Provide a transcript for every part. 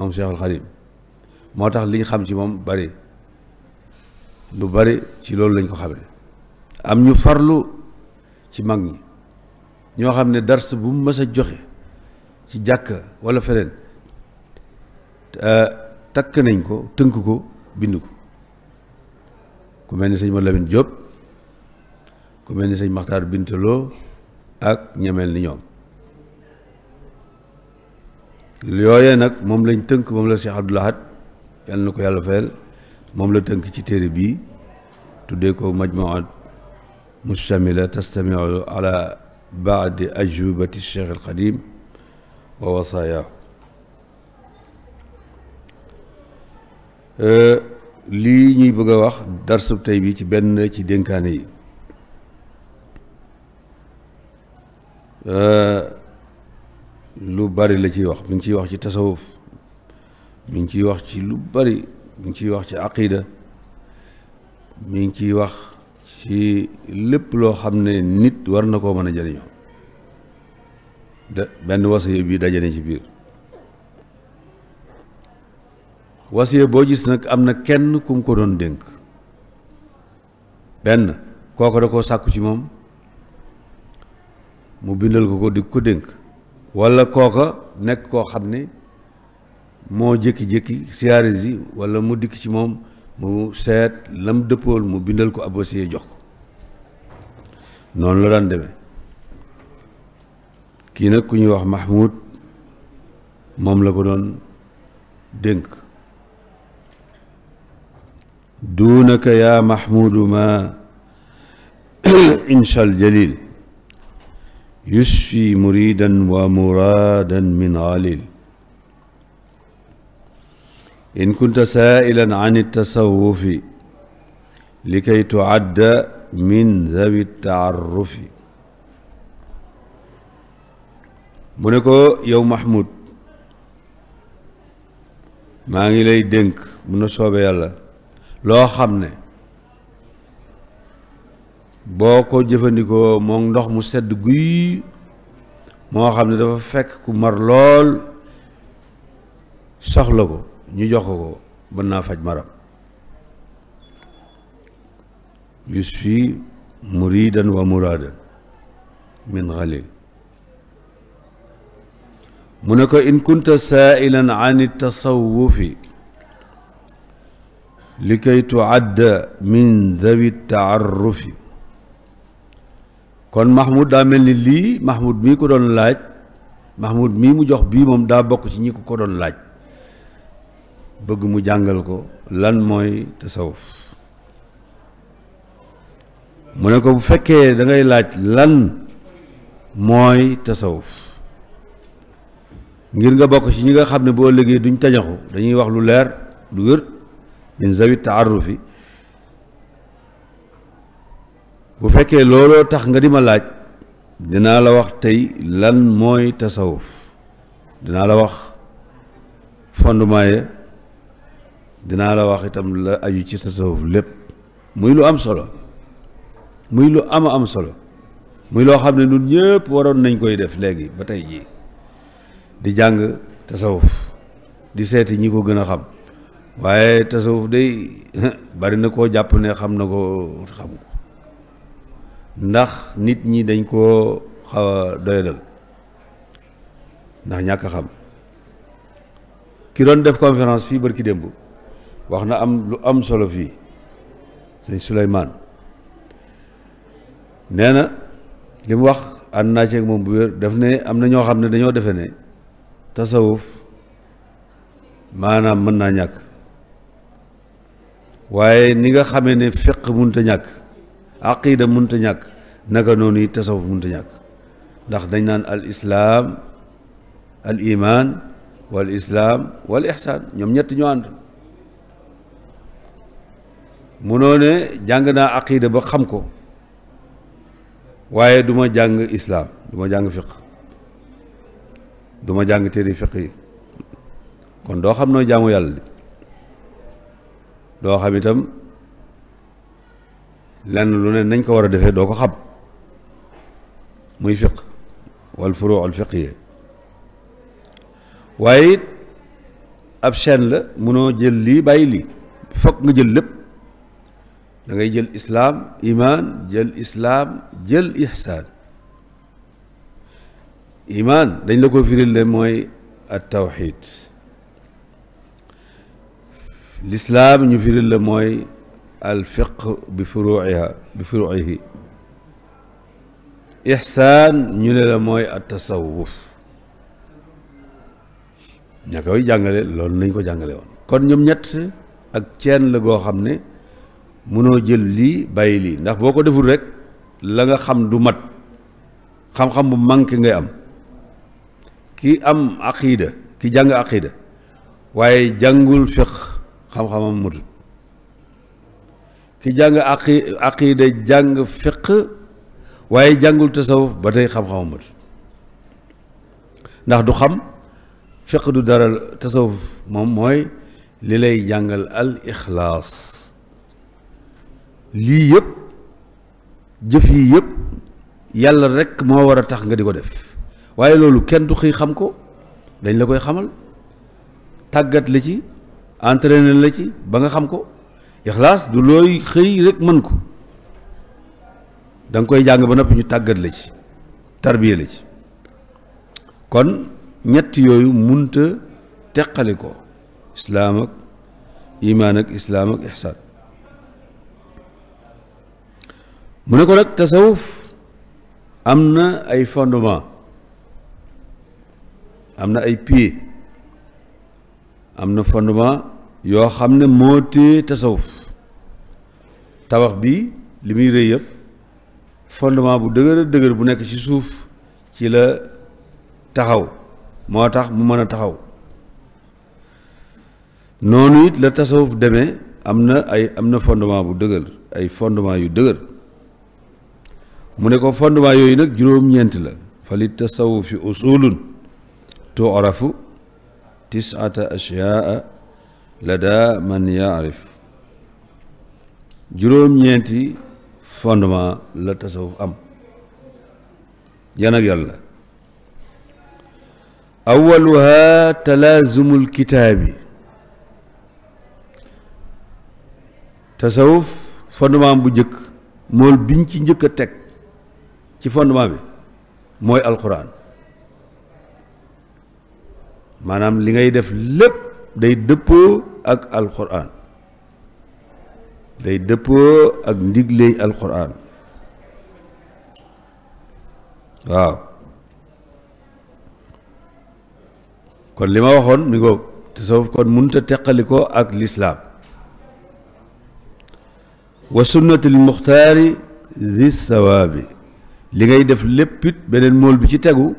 moom Cheikhul Xadim moo tax liñ xam ci moom bari lu bari ci loolu lañ ko xamee am ñu farlu ci mag ñi ñoo xam ne dars bu mu mës joxe ci jàkk walla feneen euh, takk nañ ko tënk ko bind ko ku mel ni sëñ ma Lamine Diop ku mel ni sëñ Maxtaar Bintaloo ak ñemel ni ñoom yooyee nag moom lañ tënk moom la Cheikh Abdoul Ahad yàlla na ko yàlla fayal moom la tënk ci téere bii tuddee ko majmuat mustamila tastamiu ala baadi ajubati Cheikh al Xadim wa wasaaya lii ñuy bëgg a wax darsub tey bi ci benn ci dénkaane yi lu bari la ci wax buñ ci wax ci tasawuf mi ci wax ci lu bari buñ ci wax ci aqida min ci wax ci lepp lo xamne nit war nako ben da wasiya bi daje ci bir wasiya bo gis nak amna kenn kum ko don denk ben koko da koo ci mom mu bindal ko ko di ko denk wala kooka nekk koo xam ne moo jékki-jékki siyaare si wala mu dikk ci moom mu seet lam dëppool mu bindal ko ab dossier jox ko noonu la daan deme kii nag ku ñuy wax Mahmoud moom la ko doon dénk duunaka yaa Mahmoudu ma inchal يشفي مريدا ومرادا من غليل إن كنت سائلا عن التصوف لكي تعد من ذوي التعرف منكو يوم محمود ما Mahmoud maa من lay يلا mun خمنه boko jëfëndiko mo ndox mu sedd guy mo xamne dafa fekk ku mar lool soxla ko ñu jox ko mën naa faj maram yusfi muridan wa muradan min ghalil munako in kunta saailan an tasawufi likay tuadda min at-ta'arruf kon Mahmoud daa mel ni lii Mahmoud mii ko doon laaj Mahmoud mii mu jox bii moom daa bokk ci ñi ko ko doon laaj bëgg mu jàngal ko lan mooy tasawuf mu ne ko bu fekkee dangay laaj lan mooy tasawuf ngir nga bokk ci ñi nga xam ne boo liggéey duñ tañaxu dañuy wax lu leer lu wér min taarufi bu fekkee looloo tax nga di ma laaj dinaa la wax tey lan mooy tasawuf dinaa la wax fondement yi dinaa la wax itam la aju ci tasawuf lépp muy lu am solo muy lu ama am solo muy loo xam ne ñun ñëpp waroon nañ koy def léegi ba tey jii di jàng tasawuf di seeti ñi ko gën a xam waaye tasawuf day bari na koo jàpp ne xam na ko xam ndax nit ñi dañ koo xaw doyadal ndax ñàkk xam ki doon def conférence fii barki démb wax na am lu am solo fii sëñ Souleymane nee na li wax ànd naa ceeg moom bu wér daf ne am na ñoo xam ne dañoo defe ne tasawuf maanaam mën naa ñàkk waaye ni nga xamee ne fiq mënta ñàkk aqida munta ñàkk naka noonu it tasawuf munta ñàkk ndax dañ naan al islaam al iman wal islaam wal ihsaan ñoom ñett ñoo ànd munoo ne jàng naa aqida ba xam ko waaye du ma jàng islaam du ma jàng fiq du jàng téere fiq yi kon doo xam noo jaamu yàlla di doo xam itam لأن لونين نين كورا دفع دوكو خب موي فقه والفروع الفقهية وايد أبشان لا منو جل لي باي لي فق نجل لب نغي جل إسلام إيمان جل إسلام جل إحسان إيمان دين لكو فيري اللي موي التوحيد الإسلام نفيري اللي موي al fiq bi furuuiha bi furuuihi ixsaan ñu ne la mooy at tasawuf ña koy jàngale loolu nañ ko jàngale woon kon ñoom ñett ak ceen la goo xam ne mënoo jël lii bàyyi lii ndax boo ko deful rek la nga xam du mat xam-xam bu mànk ngay am ki am aqida ki jàng aqida waaye jàngul fiq xam-xamam matut ki jàng aqi aqida jàng fiq waaye jàngul tasawuf ba tey xam-xamam mat ndax du xam fiq du dara tasawuf moom mooy li lay jàngal al ixlaas lii yëpp jëf yi yëpp yàlla rekk moo war a tax nga di ko def waaye loolu kenn du xëy xam ko dañ la koy xamal tàggat la ci entraîner la ci ba nga xam ko ixlaas du looy xëy rek mën ko danga koy jàng ba noppi ñu tàggatle ci tarbiya la ci kon ñett yooyu munta teqali ko islaam ak imaan ak mu ne ko nag tasawuf am na ay fondement am na ay pied am na fondement yoo xam ne moo téye tasawuf tabax bi li muy rëy yëpp fondement bu dëgër dëgër bu nekk ci suuf ci la taxaw moo tax mu mën a taxaw noonu it la tasawuf deme am na ay am na fondement bu dëgër ay fondement yu dëgër mu ne ko fondement yooyu nag juróom-ñeent la fa li tasawufi usulun tu orafu tisata لدى من يعرف جروم ينتي فنما لا تصوف أم ينقل الله أولها تلازم الكتاب تصوف فنما بجك مول بنتي نجك تك تي فنما بي موي القرآن manam li ngay def lepp day deppo ak alquran day deppo ak ndigle alquran waaw kon lima waxon mi ko tasawuf kon munta tekkaliko ak l'islam wa sunnatil mukhtar di sawaabi li ngay def léppit benen mol bi ci teggu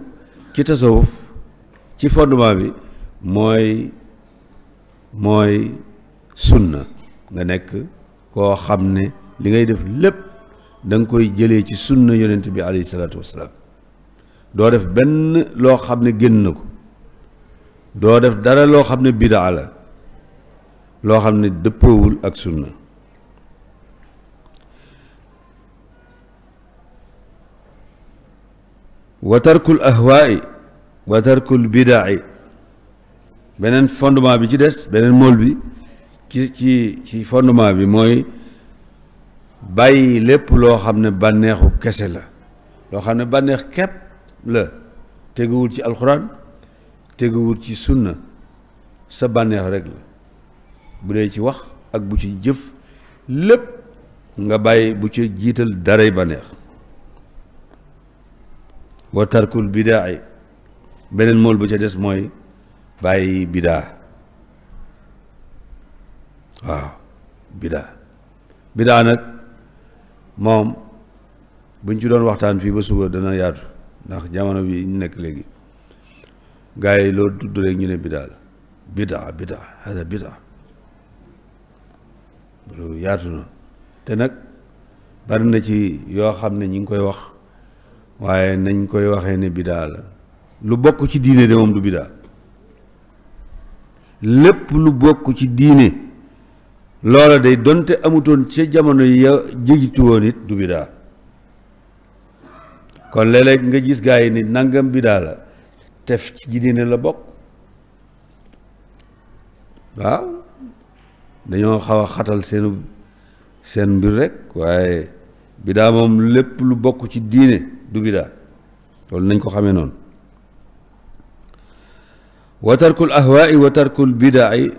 ci tasawuf ci fondement bi moy mooy sunna nga nekk koo xam ne li ngay def lépp da koy jëlee ci sunna yonent bi alayhi salaatu wasalaam doo def benn loo xam ne génn na ko doo def dara loo xam ne bidaa la loo xam ne dëppoowul ak sunna wa tarkul ahwaai wa bidaai beneen fondement bi ci des beneen mool bi ci ci ci fondement bi mooy bàyyi lépp loo xam ne bànneexu kese la loo xam ne bànneex képp la teguwul ci alxuraan teguwul ci sunna sa bànneex rek la bu dee ci wax ak bu ci jëf lépp nga bàyyi bu ci jiital daray bànneex wa tarkul bidaay beneen mool bu ca des mooy bàyyi bidaa waaw bidaa bidaa nag moom buñ ci doon waxtaan fii ba suba dana yaatu ndax jamono bi ñu nekk léegi gars yi loolu tudd rek ñu ne bidaa la bidaa bidaa hada bidaa yaatu na te nag bari na ci yoo xam ne ñu ngi koy wax waaye nañ koy waxee ne bidaa la lu bokk ci diine de moom du bidaa lépp lu bokk ci diine loolo day donte amutoon ca jamono ya jigitu woon it du bidaa kon léeg nga gis gaa ni nangam bidaa la tef ci diine la bokk waaw dañoo xaw a xatal seenu seen mbir rek waaye bidaa moom lépp lu bokk ci diine du bidaa loolu nañ ko xamee noonu wa tarku al ahwaai wa tarku al bidaai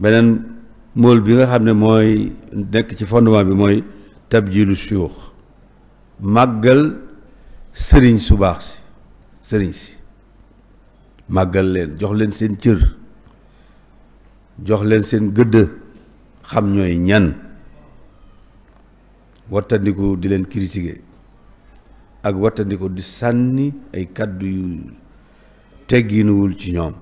beneen mool bi nga xam ne mooy nekk ci fondement bi mooy tabjilu shuux màggal sëriñ su baax si sëriñ si màggal leen jox leen seen cër jox leen seen gëdd xam ñooy ñan wattandiku di leen critiquer ak wattandiku di sànni ay kàddu yu tegginuwul ci ñoom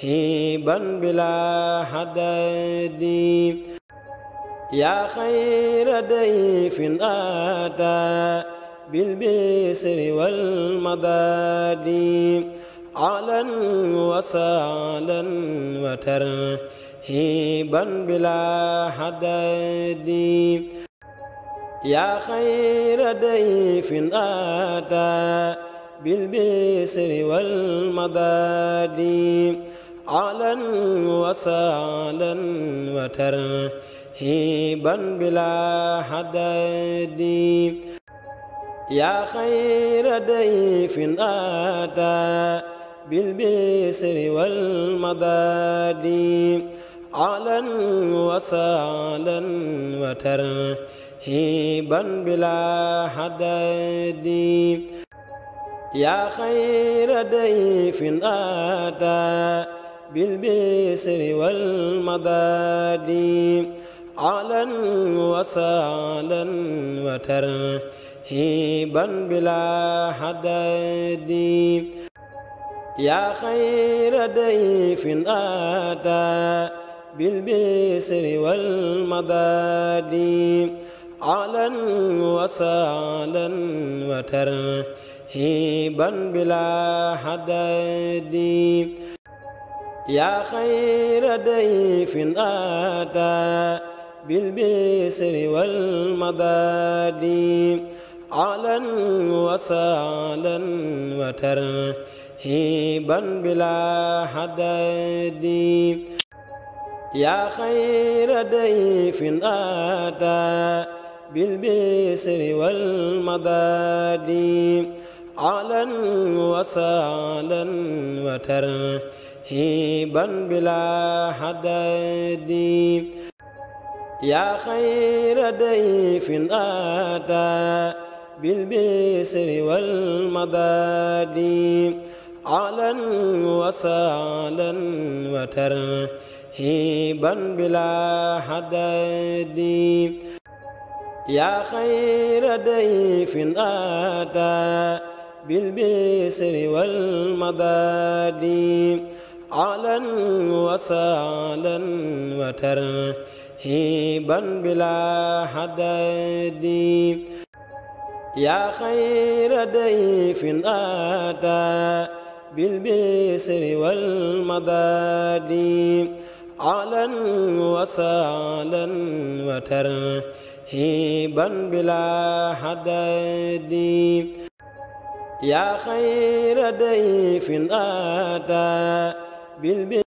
هيبا بلا حدد يا خير ضيف أتى بالبسر والمداد علا وتر هيبا بلا حدد يا خير ضيف أتى بالبسر والمداد علا وسالا وترهيبا بلا حداد يا خير ضيف أتى بالبسر والمداد علا وسالا وترهيبا بلا حداد يا خير ضيف أتى بالبسر والمداد أهلا وسهلا وترحيبا بلا حداد يا خير ضيف أتى بالبسر والمداد علا وسهلا وترحيبا هيبا بلا حدد يا خير ضيف أتى بالبسر على علا وتر هيبا بلا حدد يا خير ضيف أتى بالبسر والمداد علا وسالا وترهيبا بلا حدد يا خير ضيف أتى بالبسر والمداد علا وسالا وترهيبا بلا حدد يا خير ضيف أتى بالبسر والمداد علا وسعلا وترهيبا بلا حداد يا خير ضيف أتى بالبسر والمداد علا وسعلا وترهيبا بلا حداد يا خير ضيف أتى بالبر